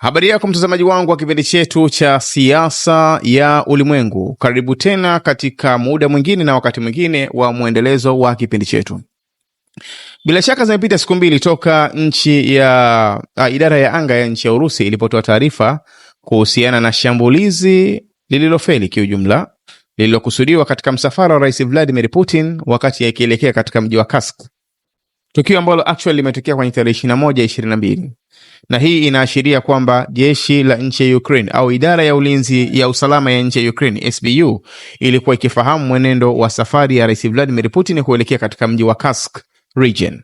Habari yako mtazamaji wangu wa kipindi chetu cha siasa ya ulimwengu, karibu tena katika muda mwingine na wakati mwingine wa mwendelezo wa kipindi chetu. Bila shaka zimepita siku mbili toka nchi ya a, idara ya anga ya nchi ya Urusi ilipotoa taarifa kuhusiana na shambulizi lililofeli kiujumla lililokusudiwa katika msafara wa Rais Vladimir Putin wakati akielekea katika mji wa Kursk tukio ambalo actually limetokea kwenye tarehe 21 22, na hii inaashiria kwamba jeshi la nchi ya Ukraine au idara ya ulinzi ya usalama ya nchi ya Ukraine SBU ilikuwa ikifahamu mwenendo wa safari ya Rais Vladimir Putin kuelekea katika mji wa Kursk region,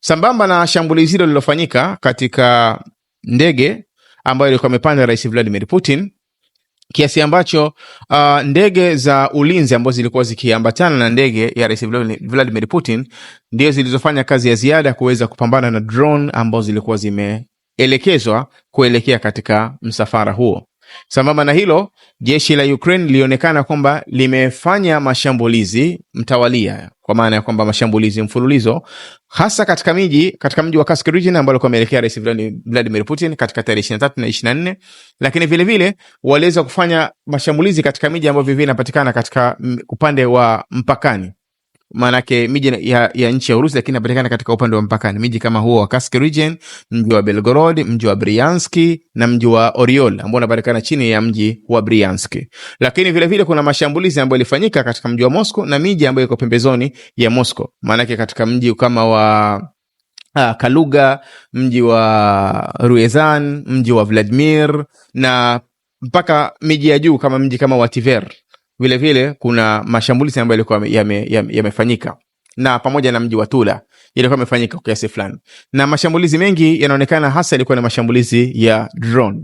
sambamba na shambulizi hilo lililofanyika katika ndege ambayo ilikuwa imepanda Rais Vladimir Putin kiasi ambacho uh, ndege za ulinzi ambazo zilikuwa zikiambatana na ndege ya Rais Vladimir Putin ndio zilizofanya kazi ya ziada kuweza kupambana na drone ambazo zilikuwa zimeelekezwa kuelekea katika msafara huo. Sambamba na hilo, jeshi la Ukraine lilionekana kwamba limefanya mashambulizi mtawalia, kwa maana ya kwamba mashambulizi mfululizo hasa katika miji katika mji wa Kursk region ambao alikuwa ameelekea Rais Vladimir Putin katika tarehe 23 na 24, lakini vile vile waliweza kufanya mashambulizi katika miji ambayo vinapatikana katika upande wa mpakani maanake miji ya, ya nchi ya Urusi, lakini inapatikana katika upande wa mpakani, miji kama huo wa kask region, mji wa Belgorod, mji wa brianski na mji wa Oriol ambao unapatikana chini ya mji wa brianski Lakini vile vile kuna mashambulizi ambayo yalifanyika katika mji wa mosco na miji ambayo iko pembezoni ya mosco maanake katika mji kama wa Ha, ah, Kaluga, mji wa Ruezan, mji wa Vladimir na mpaka miji ya juu kama mji kama wa tiver vilevile kuna mashambulizi ambayo yalikuwa yamefanyika yame, yame na pamoja na mji wa Tula ilikuwa imefanyika kwa kiasi fulani, na mashambulizi mengi yanaonekana hasa ilikuwa ni mashambulizi ya drone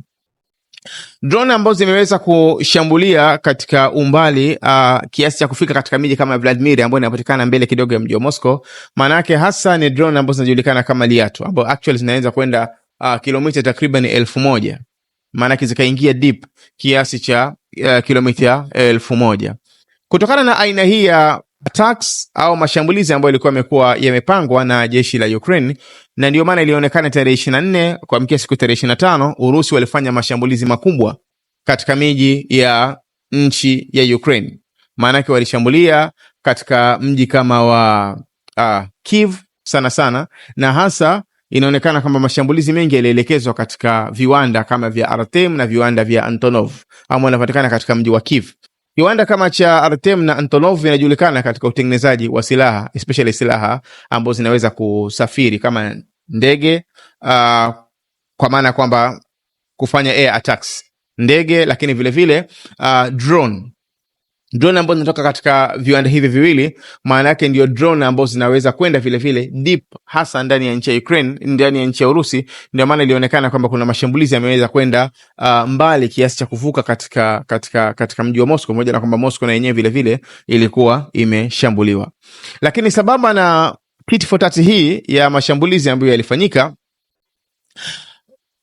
drone ambazo zimeweza kushambulia katika umbali uh, kiasi cha kufika katika miji kama Vladimir ambayo inapatikana mbele kidogo ya mji wa Moscow. Maana yake hasa ni drone ambazo zinajulikana kama Liatu ambazo actually zinaweza kwenda uh, kilomita takriban elfu moja maanake zikaingia deep kiasi cha uh, eh, kilomita elfu moja. Kutokana na aina hii ya attacks au mashambulizi ambayo ilikuwa yamekuwa yamepangwa na jeshi la Ukraine, na ndiyo maana ilionekana tarehe 24 kwa mkia siku tarehe 25 Urusi walifanya mashambulizi makubwa katika miji ya nchi ya Ukraine. Maanake walishambulia katika mji kama wa uh, ah, Kiev sana sana na hasa inaonekana kwamba mashambulizi mengi yalielekezwa katika viwanda kama vya Artem na viwanda vya Antonov ambao wanapatikana katika mji wa Kiev. Kiwanda kama cha Artem na Antonov vinajulikana katika utengenezaji wa silaha especially silaha ambazo zinaweza kusafiri kama ndege uh, kwa maana ya kwamba kufanya air attacks ndege, lakini vilevile vile, uh, drone drone ambazo zinatoka katika viwanda hivi viwili, maana yake ndio drone ambazo zinaweza kwenda vile vile deep, hasa ndani ya nchi ya Ukraine, ndani ya nchi ya Urusi. Ndio maana ilionekana kwamba kuna mashambulizi yameweza kwenda uh, mbali kiasi cha kuvuka katika, katika, katika mji wa Moscow, pamoja na kwamba Moscow na yenyewe vile vile ilikuwa imeshambuliwa. Lakini sababu na tit for tat hii ya mashambulizi ambayo yalifanyika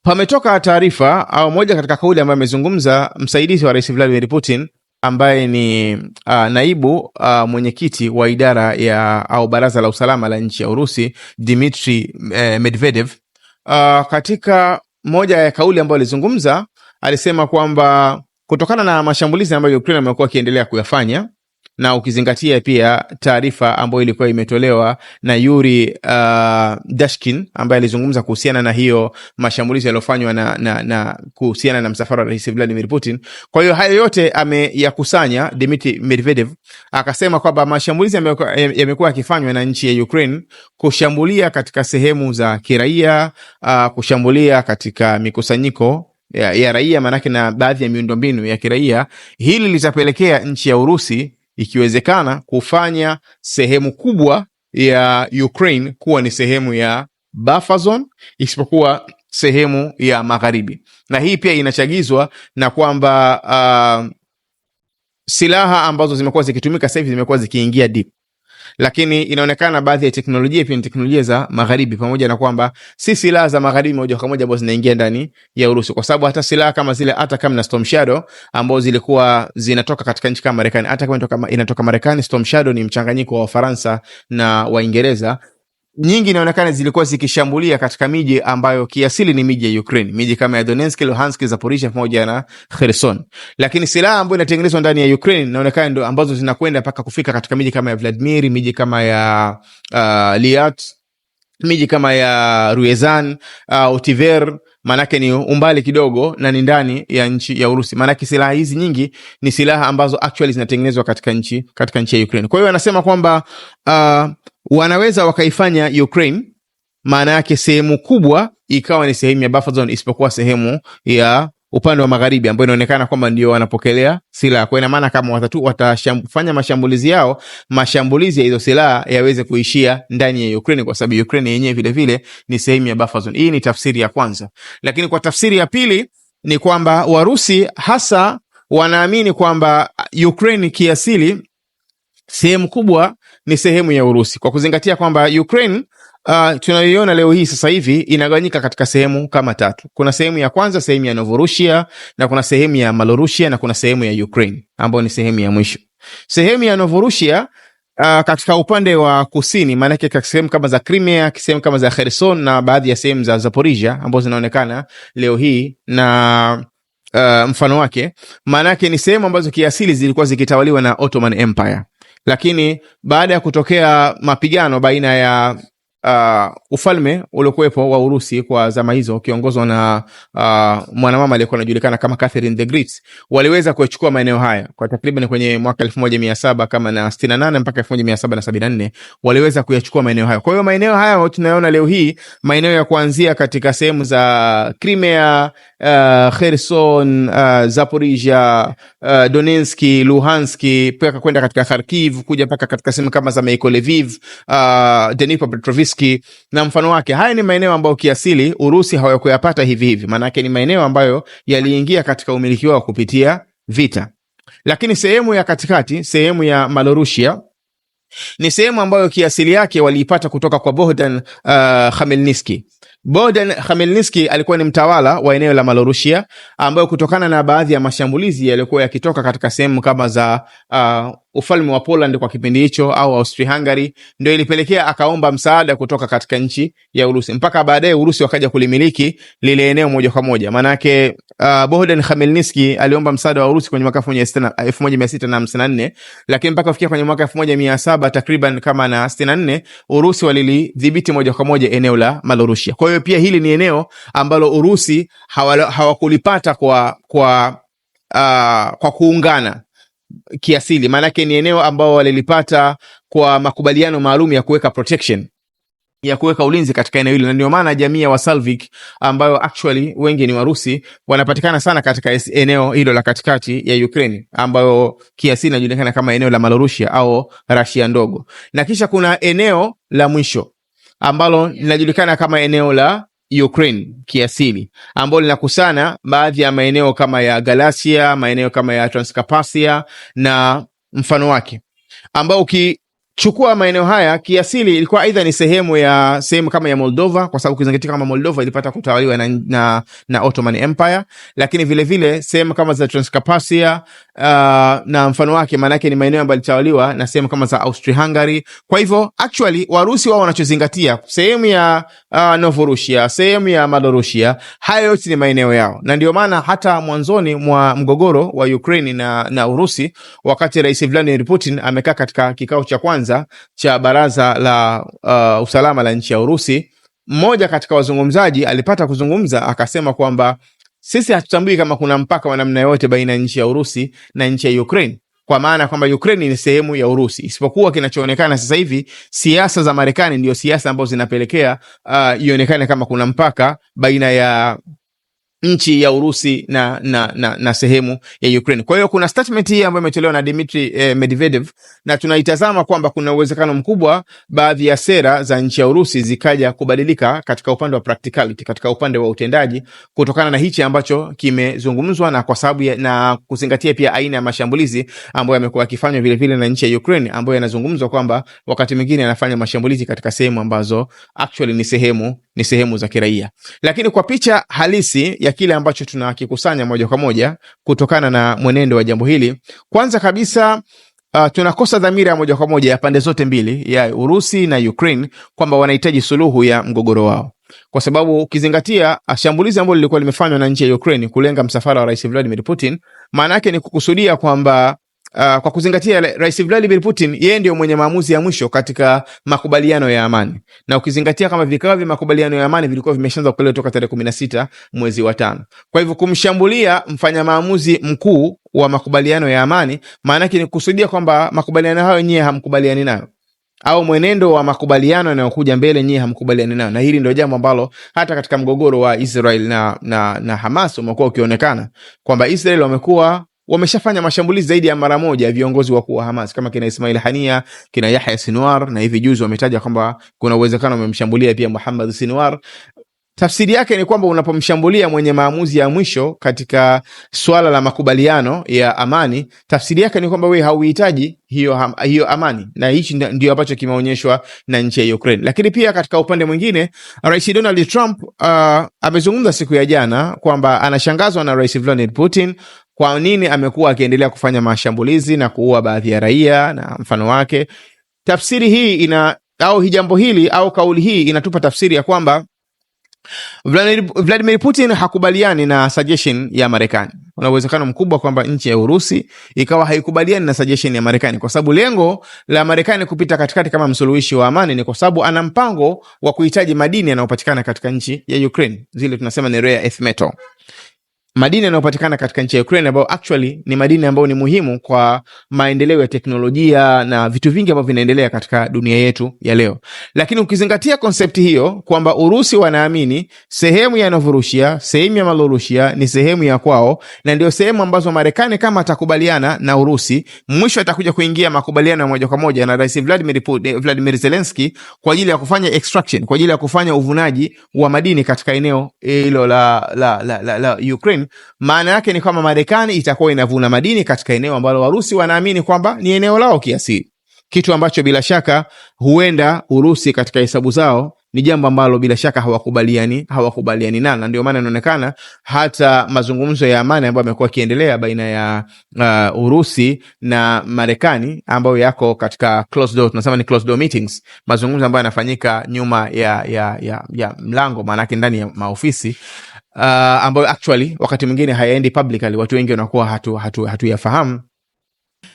pametoka taarifa au moja katika kauli ambayo amezungumza msaidizi wa rais Vladimir Putin ambaye ni uh, naibu uh, mwenyekiti wa idara ya au baraza la usalama la nchi ya Urusi Dmitri eh, Medvedev uh, katika moja ya kauli ambayo alizungumza alisema kwamba kutokana na mashambulizi ambayo Ukraine amekuwa akiendelea kuyafanya na ukizingatia pia taarifa ambayo ilikuwa imetolewa na Yuri uh, Dashkin ambaye alizungumza kuhusiana na hiyo mashambulizi yaliyofanywa na, na, na kuhusiana na msafara wa Rais Vladimir Putin. Kwa hiyo hayo yote ameyakusanya Dmitri Medvedev, akasema kwamba mashambulizi yamekuwa yakifanywa na nchi ya Ukraine kushambulia katika sehemu za kiraia uh, kushambulia katika mikusanyiko ya, ya raia manake na baadhi ya miundombinu ya kiraia, hili litapelekea nchi ya Urusi ikiwezekana kufanya sehemu kubwa ya Ukraine kuwa ni sehemu ya buffer zone isipokuwa sehemu ya magharibi, na hii pia inachagizwa na kwamba uh, silaha ambazo zimekuwa zikitumika sasa hivi zimekuwa zikiingia deep lakini inaonekana baadhi ya teknolojia pia ni teknolojia za magharibi, pamoja na kwamba si silaha za magharibi moja kwa moja ambazo zinaingia ndani ya Urusi, kwa sababu hata silaha kama zile kama na Storm Shadow ambazo zilikuwa zinatoka katika nchi kama Marekani. kama inatoka Marekani, Storm Shadow ni mchanganyiko wa Faransa na Waingereza nyingi inaonekana zilikuwa zikishambulia katika miji ambayo kiasili ni miji ya Ukraine, miji kama ya Donetsk, Luhansk, Zaporizhia pamoja na Kherson. Lakini silaha ambayo inatengenezwa ndani ya Ukraine inaonekana ndo ambazo zinakwenda mpaka kufika katika miji kama ya Vladimir, miji kama ya uh, Liat, miji kama ya Ruezan, uh, Otiver maanake ni umbali kidogo na ni ndani ya nchi ya Urusi. Maanake silaha hizi nyingi ni silaha ambazo actually zinatengenezwa katika nchi katika nchi ya Ukraine. Kwa hiyo anasema kwamba uh, wanaweza wakaifanya Ukraine maana yake sehemu kubwa ikawa ni sehemu ya buffer zone, isipokuwa sehemu ya upande wa magharibi ambayo inaonekana kwamba ndio wanapokelea silaha. Kwa ina maana kama watatu watafanya mashambulizi yao, mashambulizi ya hizo silaha yaweze kuishia ndani ya Ukraine, kwa sababu Ukraine yenyewe vile vile ni sehemu ya buffer zone. Hii ni tafsiri ya kwanza, lakini kwa tafsiri ya pili ni kwamba Warusi hasa wanaamini kwamba Ukraine kiasili sehemu kubwa ni sehemu ya Urusi, kwa kuzingatia kwamba Ukraine uh, tunayoiona leo hii sasa hivi inagawanyika katika sehemu kama tatu. Kuna sehemu ya kwanza, sehemu ya Novorusia, na kuna sehemu ya Malorusia, na kuna sehemu ya Ukraine ambayo ni sehemu ya mwisho. Sehemu ya Novorusia Uh, katika upande wa kusini maanake sehemu kama za Crimea, sehemu kama za Kherson na baadhi ya sehemu za Zaporisia ambazo zinaonekana leo hii na uh, mfano wake, maanake ni sehemu ambazo kiasili zilikuwa zikitawaliwa na Ottoman Empire. Lakini baada ya kutokea mapigano baina ya uh, ufalme uliokuwepo wa Urusi kwa zama hizo ukiongozwa na uh, mwanamama aliyekuwa anajulikana kama Catherine the Great, waliweza kuyachukua maeneo haya kwa takriban kwenye mwaka elfu moja mia saba kama na sitini na nane mpaka elfu moja mia saba na sabini na nne waliweza kuyachukua maeneo hayo. Kwa hiyo maeneo haya tunayoona leo hii, maeneo ya kuanzia katika sehemu za Crimea uh, Kherson, uh, Zaporizhia, uh, Donetski, Luhanski mpaka kwenda katika Kharkiv kuja mpaka katika sehemu kama za Mykolaiv, uh, Dnipro na mfano wake. Haya ni maeneo ambayo kiasili Urusi hawakuyapata hivi hivi, maanake ni maeneo ambayo yaliingia katika umiliki wao kupitia vita, lakini sehemu ya katikati, sehemu ya Malorusia ni sehemu ambayo kiasili yake waliipata kutoka kwa Bohdan uh, Khmelnitski Bogdan Khmelnitsky alikuwa ni mtawala wa eneo la Malorusia ambayo kutokana na baadhi ya mashambulizi yaliyokuwa yakitoka katika sehemu kama za uh, ufalme wa Poland kwa kipindi hicho au Austria-Hungary ndio ilipelekea akaomba msaada kutoka katika nchi ya Urusi. Mpaka baadaye Urusi wakaja kulimiliki lile eneo moja kwa moja. Maanake uh, ah, Bohdan Khmelnitsky aliomba msaada wa Urusi kwenye mwaka 1654 lakini mpaka kufikia kwenye mwaka 1700 takriban kama na 64 Urusi walilidhibiti moja kwa moja eneo la Malorusia. Kwa hiyo pia hili ni eneo ambalo Urusi hawakulipata hawa kwa, kwa, uh, kwa kuungana kiasili, maanake ni eneo ambao walilipata kwa makubaliano maalum ya kuweka protection ya kuweka ulinzi katika eneo hilo, na ndio maana jamii ya Wasalvik ambayo actually wengi ni Warusi wanapatikana sana katika eneo hilo la katikati ya Ukraine, ambayo kiasili inajulikana kama eneo la Malorusia au Rasia ndogo, na kisha kuna eneo la mwisho ambalo linajulikana kama eneo la Ukraine kiasili ambalo linakusana baadhi ya maeneo kama ya Galatia, maeneo kama ya Transcarpathia na mfano wake, ambao ukichukua maeneo haya kiasili ilikuwa aidha ni sehemu ya sehemu kama ya Moldova, kwa sababu kizingatia kama Moldova ilipata kutawaliwa na, na, na Ottoman Empire, lakini vilevile sehemu kama za Transcarpathia uh, na mfano wake, maanake ni maeneo ambayo alitawaliwa na sehemu kama za Austria Hungary. Kwa hivyo actually Warusi wao wanachozingatia sehemu ya uh, Novorusia, sehemu ya Malorusia, hayo yote ni maeneo yao, na ndio maana hata mwanzoni mwa mgogoro wa Ukraini na, na Urusi, wakati Rais Vladimir Putin amekaa katika kikao cha kwanza cha baraza la uh, usalama la nchi ya Urusi, mmoja katika wazungumzaji alipata kuzungumza akasema kwamba sisi hatutambui kama kuna mpaka wa namna yoyote baina ya nchi ya Urusi na nchi ya Ukraine, kwa maana kwamba Ukraine ni sehemu ya Urusi, isipokuwa kinachoonekana sasa hivi siasa za Marekani ndio siasa ambazo zinapelekea uh, ionekane kama kuna mpaka baina ya nchi ya Urusi na, na, na, na sehemu ya Ukraine. Kwa hiyo kuna statement hii ambayo imetolewa na Dmitry eh, Medvedev na tunaitazama kwamba kuna uwezekano mkubwa baadhi ya sera za nchi ya Urusi zikaja kubadilika katika upande wa practicality, katika upande wa utendaji kutokana na hichi ambacho kimezungumzwa na kwa sababu na kuzingatia pia aina ya mashambulizi ambayo yamekuwa yakifanywa vile vile na nchi ya Ukraine ambayo yanazungumzwa kwamba wakati mwingine yanafanya mashambulizi katika sehemu ambazo actually ni sehemu ni sehemu za kiraia, lakini kwa picha halisi ya kile ambacho tunakikusanya moja kwa moja kutokana na mwenendo wa jambo hili, kwanza kabisa Uh, tunakosa dhamira ya moja kwa moja ya pande zote mbili ya Urusi na Ukraine kwamba wanahitaji suluhu ya mgogoro wao, kwa sababu ukizingatia uh, shambulizi ambalo lilikuwa limefanywa na nchi ya Ukraine kulenga msafara wa Rais Vladimir Putin, maana yake ni kukusudia kwamba uh, kwa kuzingatia Rais Vladimir Putin yeye ndio mwenye maamuzi ya mwisho katika makubaliano ya amani, na ukizingatia kama vikao vya makubaliano ya amani vilikuwa vimeshaanza kupelekwa toka tarehe kumi na sita mwezi wa tano. Kwa hivyo kumshambulia mfanya maamuzi mkuu wa makubaliano ya amani, maanake ni kusudia kwamba makubaliano hayo nyewe hamkubaliani nayo au mwenendo wa makubaliano yanayokuja mbele nyie hamkubaliani nayo, na hili ndio jambo ambalo hata katika mgogoro wa Israel na, na, na Hamas umekuwa ukionekana kwamba Israel wamekuwa wameshafanya mashambulizi zaidi ya mara moja viongozi wakuu wa Hamas kama kina Ismail Hania, kina Yahya Sinwar, na hivi juzi wametaja kwamba kuna uwezekano wamemshambulia pia Muhammad Sinwar. Tafsiri yake ni kwamba unapomshambulia mwenye maamuzi ya mwisho katika swala la makubaliano ya amani, tafsiri yake ni kwamba wewe hauhitaji hiyo, hiyo amani, na hichi ndio ambacho kimeonyeshwa na nchi ya Ukraine. Lakini pia katika upande mwingine, Rais Donald Trump uh, amezungumza siku ya jana kwamba anashangazwa na Rais Vladimir Putin kwa nini amekuwa akiendelea kufanya mashambulizi na kuua baadhi ya raia na mfano wake. Tafsiri hii ina au jambo hili au kauli hii inatupa tafsiri ya kwamba Vladimir Putin hakubaliani na suggestion ya Marekani. Kuna uwezekano mkubwa kwamba nchi ya Urusi ikawa haikubaliani na suggestion ya Marekani, kwa sababu lengo la Marekani kupita katikati kama msuluhishi wa amani ni kwa sababu ana mpango wa kuhitaji madini yanayopatikana katika nchi ya Ukraine, zile tunasema ni rare earth metal madini yanayopatikana katika nchi ya Ukraine ambayo actually ni madini ambayo ni muhimu kwa maendeleo ya teknolojia na vitu vingi ambavyo vinaendelea katika dunia yetu ya leo. Lakini ukizingatia konsepti hiyo kwamba Urusi wanaamini sehemu ya Novorusia, sehemu ya Malorusia ni sehemu ya kwao, na ndio sehemu ambazo Marekani kama atakubaliana na Urusi, mwisho atakuja kuingia makubaliano ya moja kwa moja na Rais Vladimir eh, Vladimir Zelenski kwa ajili ya kufanya extraction, kwa ajili ya kufanya uvunaji wa madini katika eneo eh, hilo la, la, la, la, la Ukraine maana yake ni kwamba Marekani itakuwa inavuna madini katika eneo ambalo Warusi wanaamini kwamba ni eneo lao kiasili, kitu ambacho bila shaka huenda Urusi katika hesabu zao ni jambo ambalo bila shaka hawakubaliani hawakubaliani nalo, na ndio maana inaonekana hata mazungumzo ya amani ambayo yamekuwa yakiendelea baina ya uh, Urusi na Marekani ambayo yako katika closed door, tunasema ni closed door meetings, mazungumzo ambayo yanafanyika nyuma ya, ya, ya, ya mlango, maanake ndani ya maofisi uh, ambayo actually wakati mwingine hayaendi publicly, watu wengi wanakuwa hatuyafahamu hatu, hatu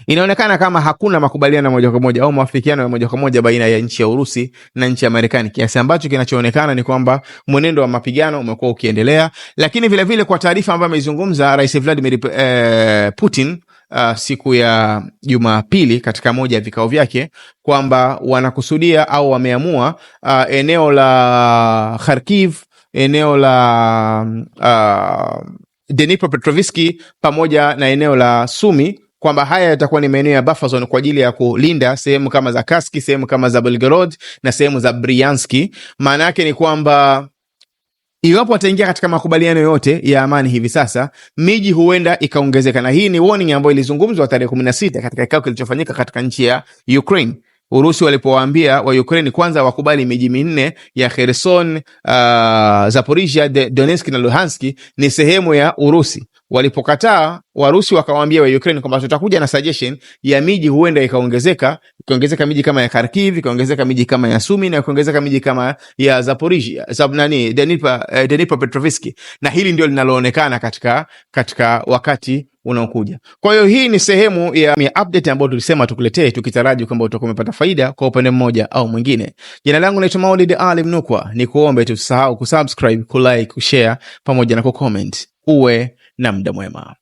inaonekana kama hakuna makubaliano moja kwa moja au mawafikiano ya moja kwa moja baina ya nchi ya Urusi na nchi ya Marekani, kiasi ambacho kinachoonekana ni kwamba mwenendo wa mapigano umekuwa ukiendelea. Lakini vilevile vile kwa taarifa ambayo ameizungumza Rais Vladimir eh, Putin Uh, siku ya Jumapili katika moja ya vikao vyake kwamba wanakusudia au wameamua uh, eneo la Kharkiv eneo la uh, Dnipro Petrovski pamoja na eneo la Sumi kwamba haya yatakuwa ni maeneo ya buffer zone kwa ajili ya kulinda sehemu kama za Kaski, sehemu kama za Belgorod na sehemu za Brianski. Maana yake ni kwamba iwapo wataingia katika makubaliano yote ya amani hivi sasa, miji huenda ikaongezeka, na hii ni warning ambayo ilizungumzwa tarehe 16 katika kikao kilichofanyika katika nchi ya Ukraine. Urusi walipowaambia wa Ukraine kwanza wakubali miji minne ya Kherson, uh, Zaporizhia, Donetsk na Luhanski ni sehemu ya Urusi Walipokataa Warusi wakawaambia wa Ukraine kwamba tutakuja na suggestion ya miji, huenda ikaongezeka, ikaongezeka miji kama ya Kharkiv, ikaongezeka miji kama ya Sumi na ikaongezeka miji kama ya Zaporizhia, sababu nani, Dnipro, eh, Dnipro Petrovski, na hili ndio linaloonekana katika, katika wakati unaokuja. Kwa hiyo hii ni sehemu ya, ya update ambayo tulisema tukuletee tukitaraji kwamba utakuwa umepata faida kwa upande mmoja au mwingine. Jina langu naitwa Maulid Ali Mnukwa, ni kuombe tusahau kusubscribe, kulike, kushare pamoja na kucomment. Uwe na muda mwema.